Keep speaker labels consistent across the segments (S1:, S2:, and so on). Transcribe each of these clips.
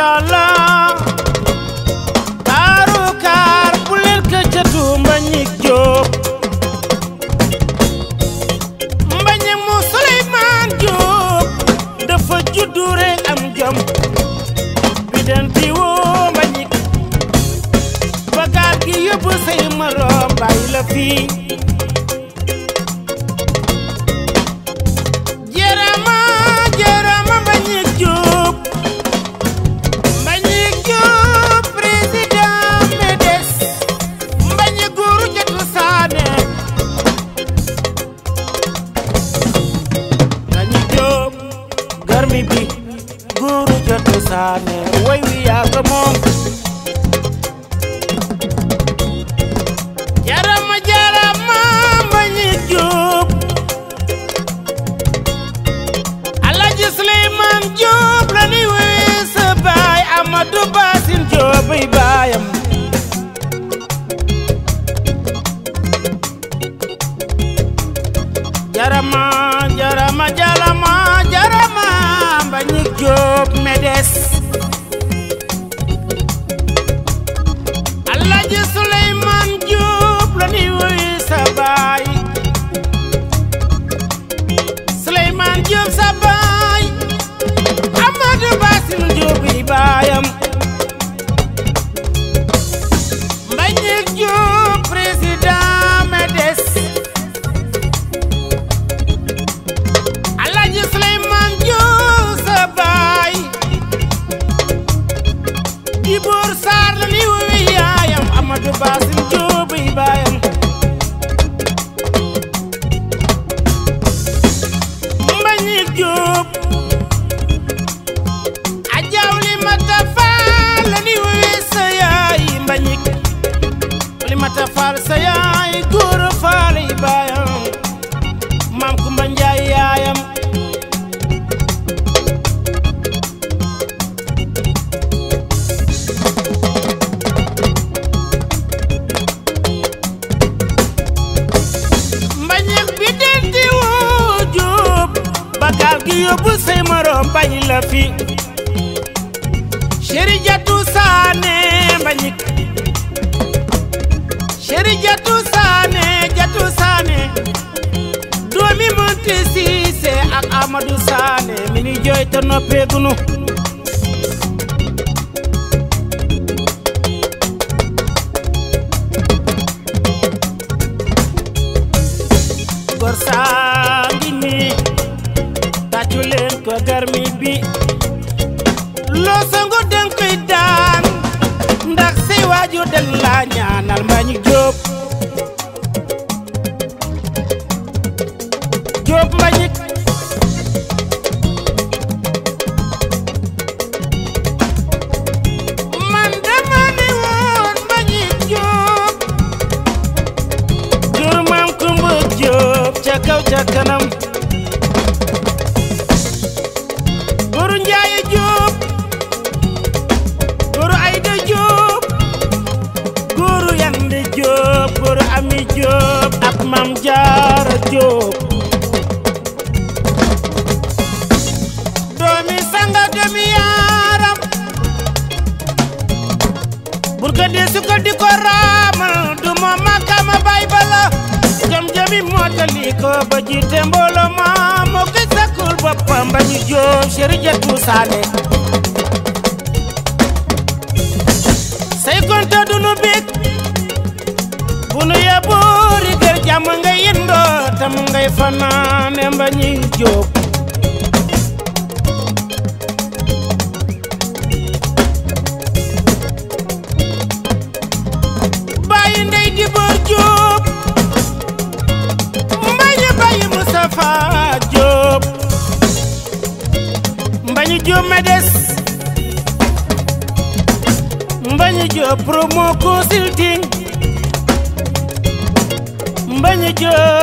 S1: incha allah Ibor Sarr la ni woowee yaayam Amadou Ba Sané mi ngi jooy te noppeegunu gor saa ngi nii tàccu leen ko garmi bi loo sangu den koy daan ndax say waajur den laa ñaanal ma ñu jóob Jóob doomi sanga doomi yaaram burgandi su ko di ko raamal du ma makama bay bala jom jomi mootali ko ba jiite mbooloo ma moo ko sakkul boppam ba ñu Jóob chéri jatu saane say konte du nu bég bu nu yeboo ri kër ngay tam ngay fanaane mbañi jóob bàyyi ndey di boor jóob mbañu bàyyi Mustafa jóob mbañu jóob ma des mbañu jóob promo consulting mbañu jóob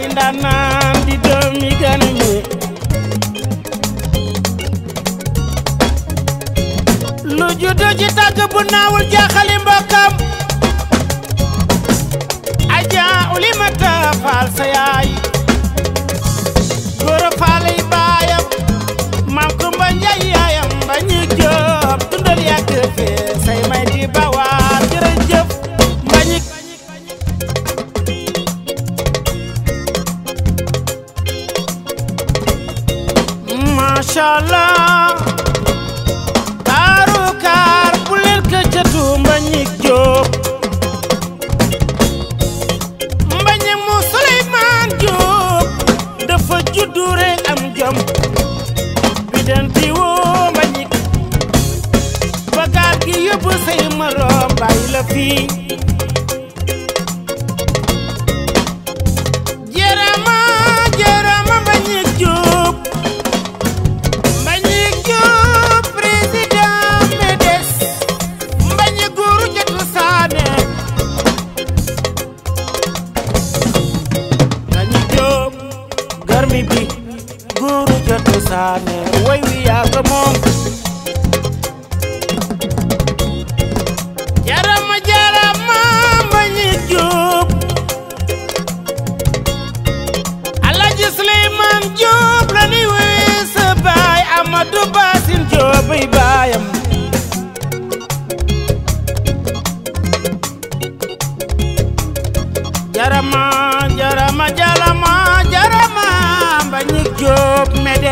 S1: ay ndaanaan di doomi gan mi lu juddu ci tàgg bu naawul jaaxali mbokkam aja ulimata faal sa yaay a faal yi baayam maam kumba njaay yaayam ba ñu jóob dundal yàgg fee say may di bawa loola kaaru bu leen ka ca tuumba jóob mbañe mu Suleymaan Jóob dafa juddu rek am jom bi den ti woo mba gi yóbbu say maroom bàyyi la fii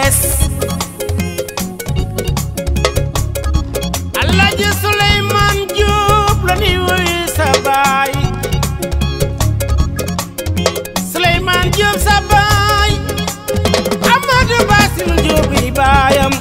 S1: bees Alaaji Suleymaan Jóob la ni wuyu sa baay Suleymaan Jóob sa baay Amadu Basil Jóob yi baayam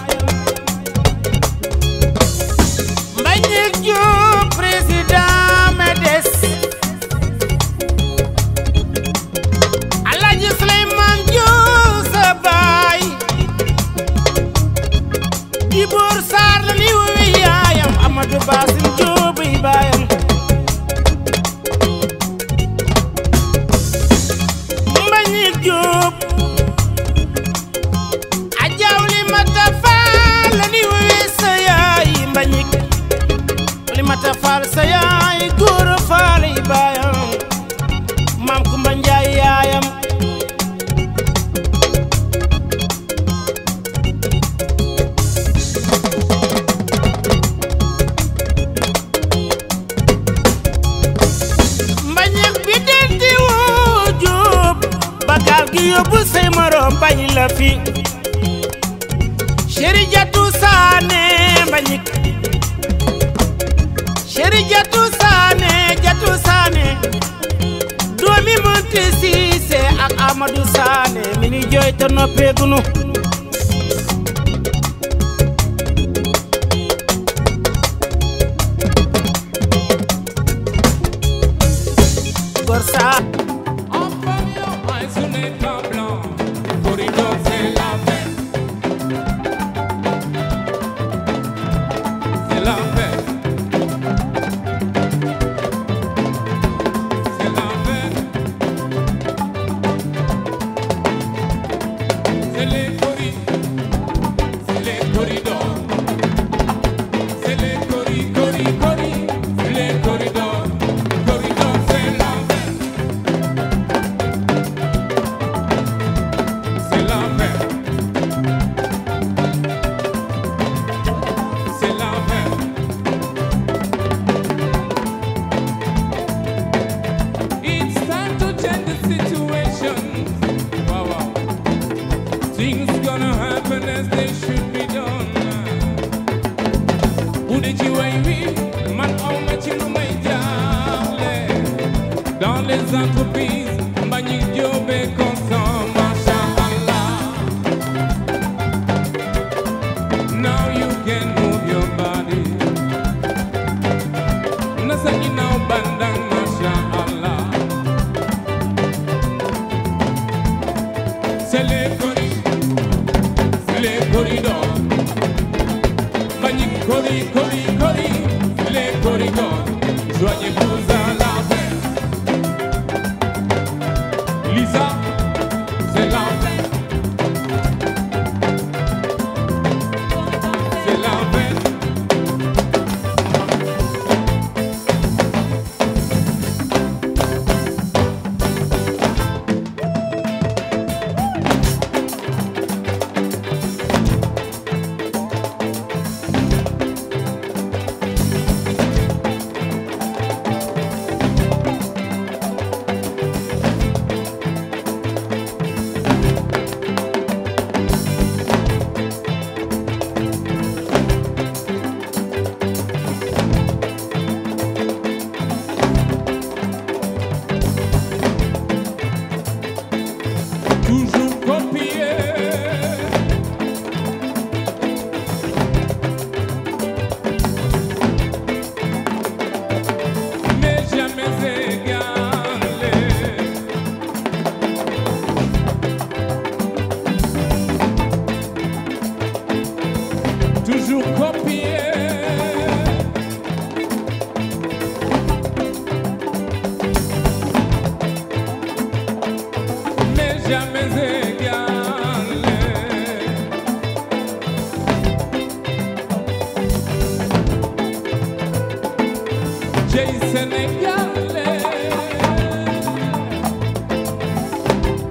S1: పేగును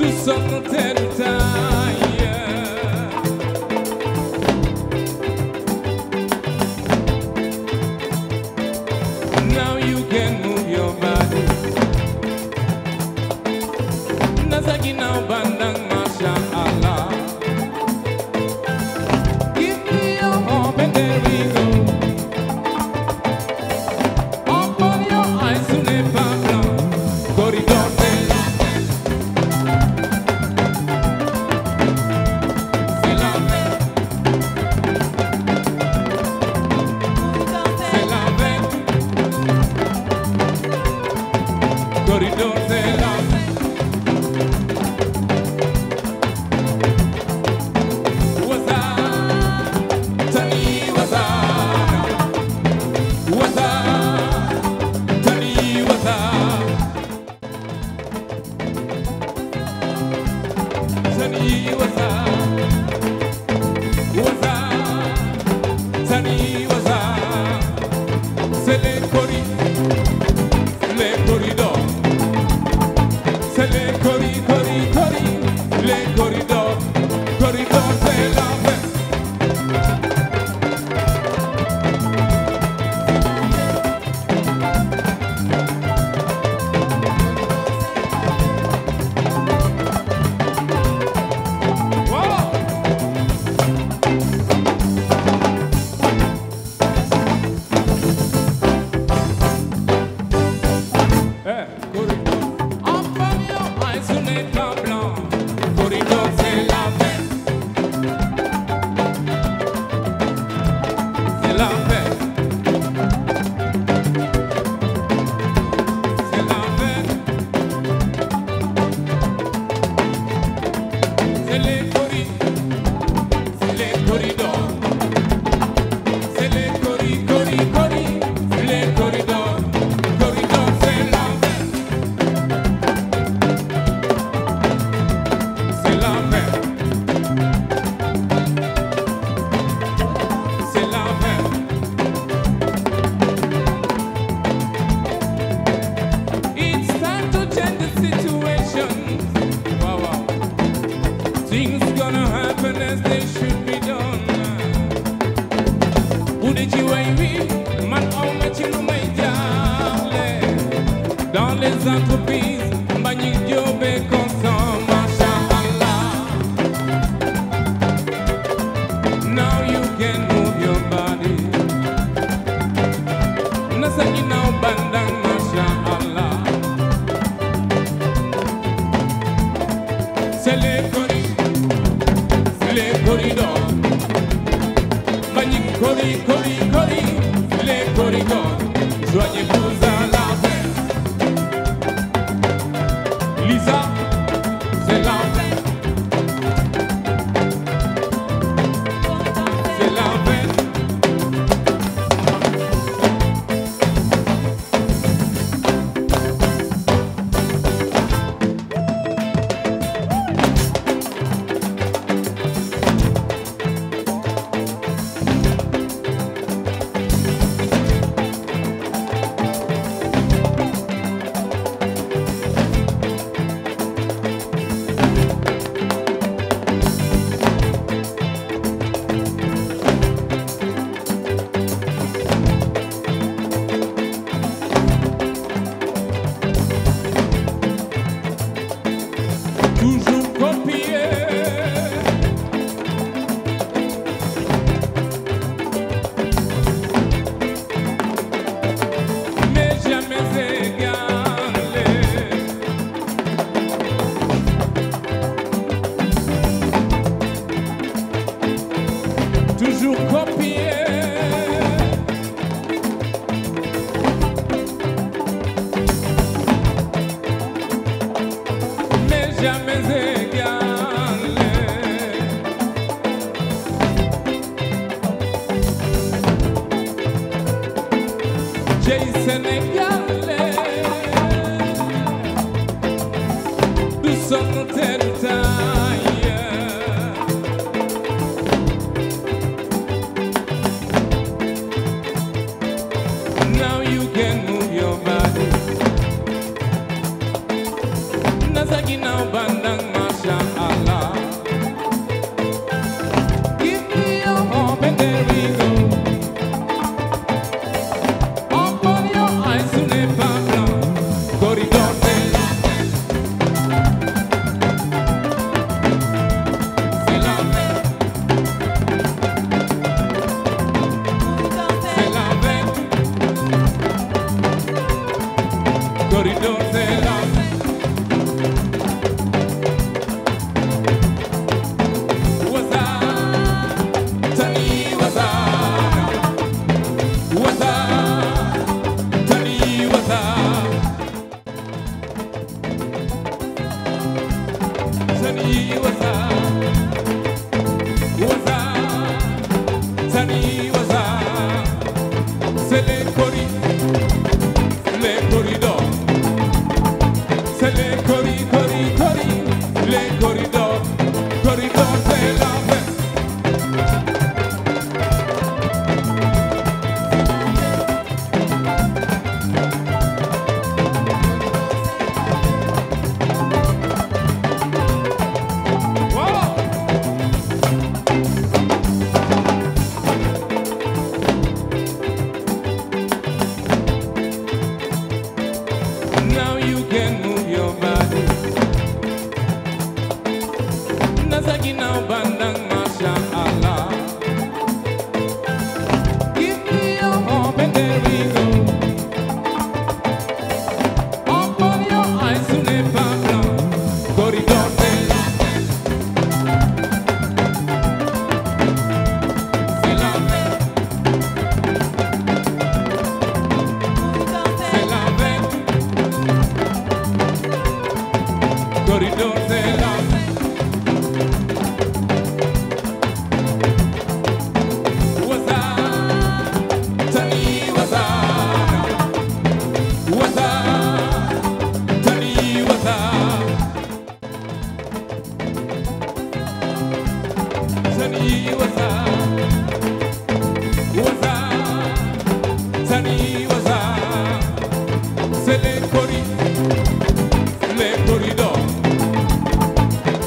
S2: be something ten times. alguien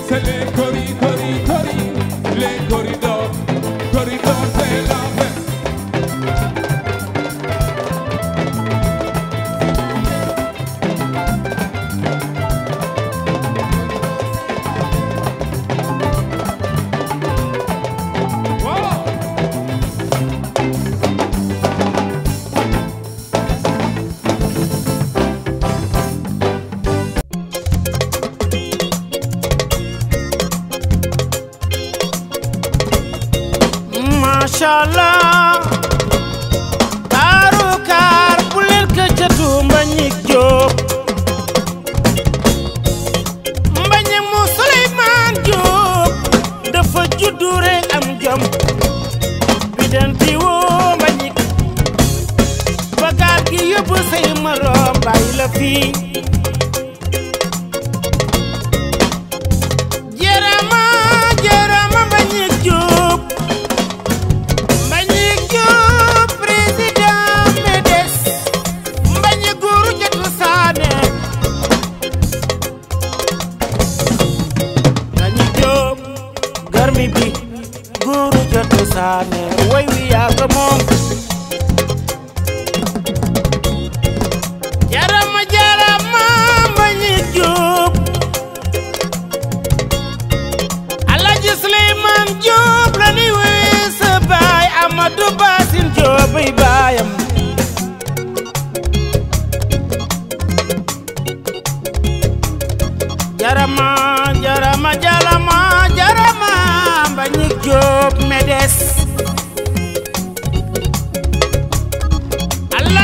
S2: se le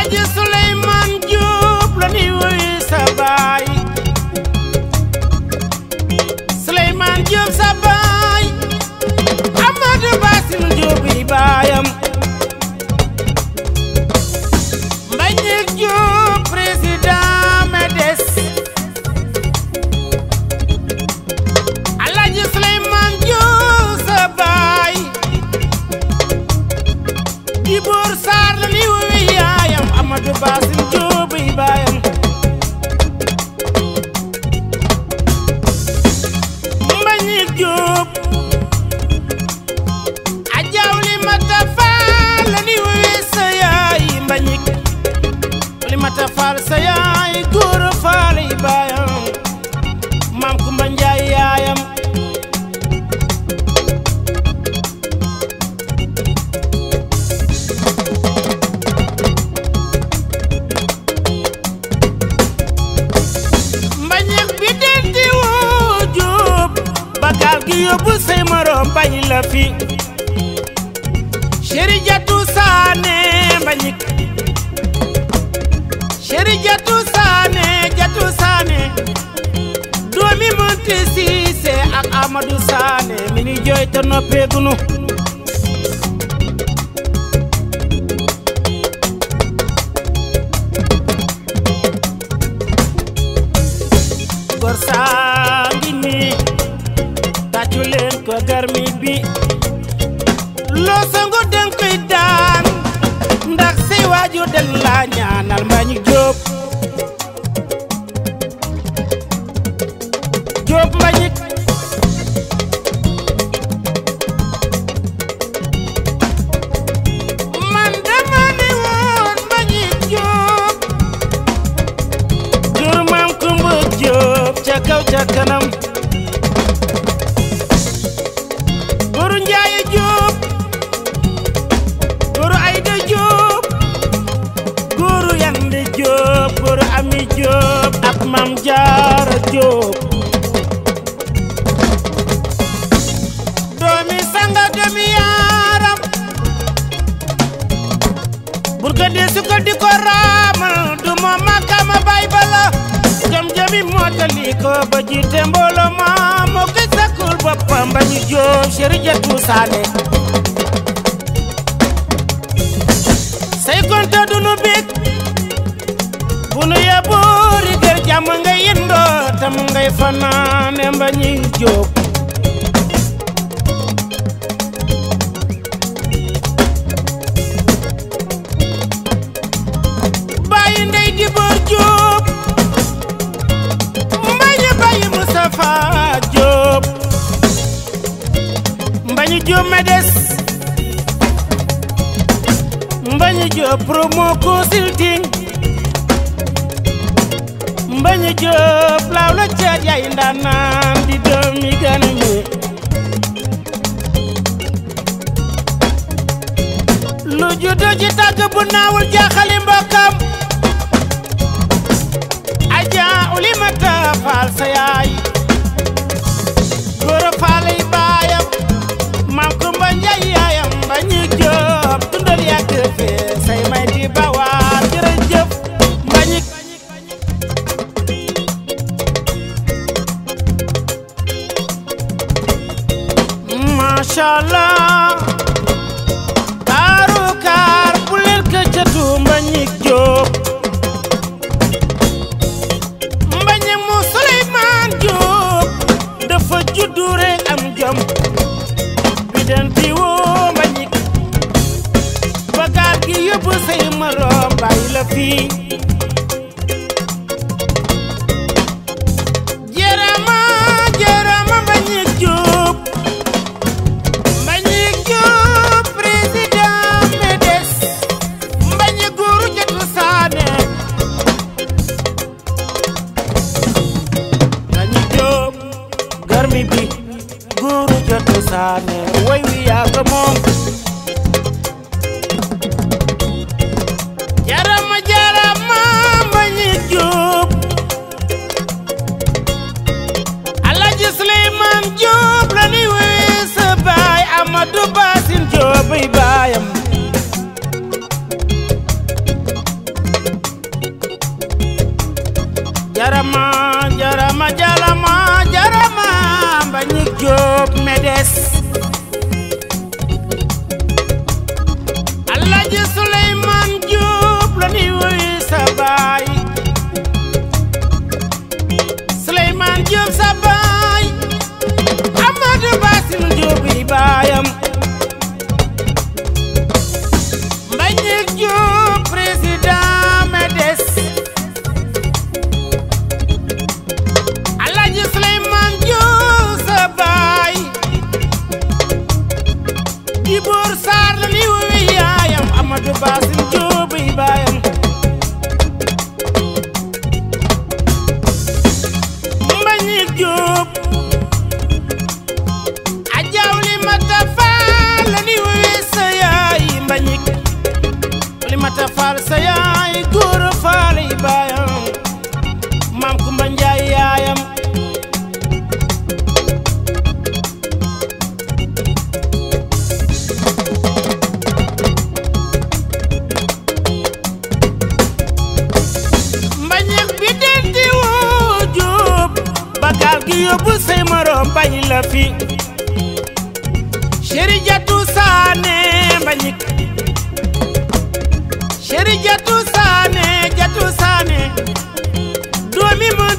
S1: I just nga fi chéri jatu saane mbañik chéri jatu saane jatu saane doomi mënti siise ak Amadou Saane mi ngi jooy te noppeegunu may fanaane mbañi jóob bàyyi ndey di jóob mbañi bàyyi Mustafa jóob mbañi jóob ma des mbañi jóob promo consulting mbañi jóob la ay ndaanaan di doomi gana mi lu juddu ci tàgg bu naawul jaaxali mbokkam aja ulimata faal sa yaay góor a faalay baayam kumba njaay yaayam ba ñu jóob dundal yàgg fee say may di bawa baasi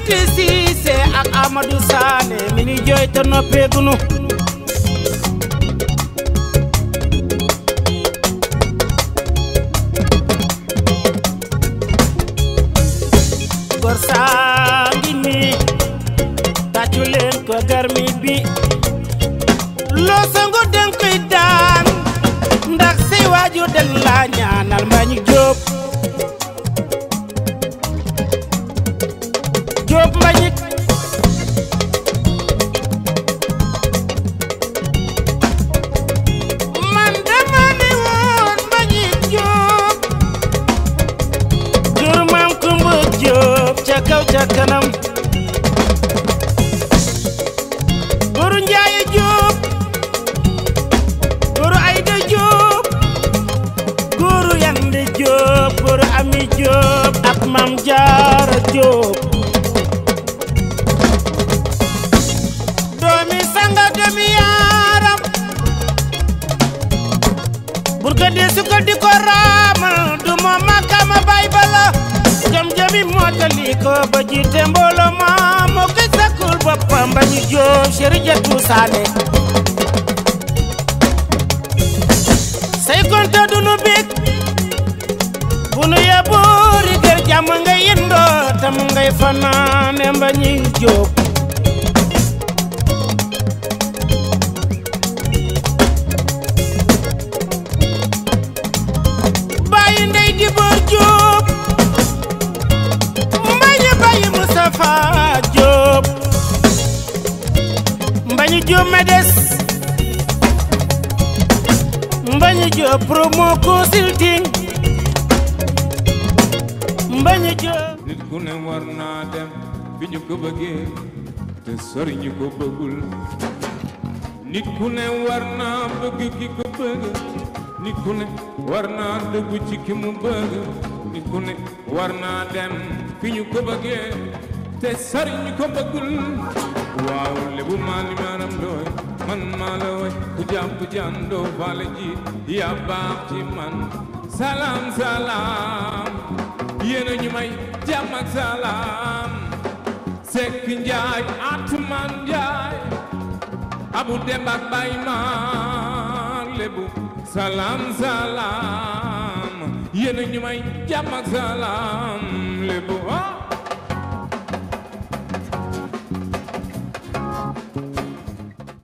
S1: Binti Cissé ak Amadou Sané mi ngi jooy te noppeegunu Maam Jaara Jóob doomi sanga doomi yaaram bur ko dee su ko di ko raamal du ma makama bay bala jom jami mootali ko ba jiite mbooloo ma moo ko sakkul boppam ba ñu Jóob chéri jatu saale say konte du nu bég bu nu yeboori jàmm nga yendoo tam ngay fanaane mba ñuy jóg bàyyi ndey di boor jóg mbañu bàyyi Mustafa jóg mbañu jóg ma des mbañu jóg promo consulting bañ a
S2: nit ku ne war naa dem fi ñu ko te sori ñu nit ku ne war naa bëgg ki ko bëgg nit ku ne war naa dëgg ci ki mu nit ku ne war naa dem fi ñu ko te sori ñu ko bëggul waaw lebu maa li man maa la doo faale ji yaa baax ci man salaam salaam yéen a ñu may jàmm ak salaam Sekk Njaay Atumaan Njaay Abu Demba Bay Mar Lebu salaam salaam yéen ñu may jàmm ak salaam Lebu ah.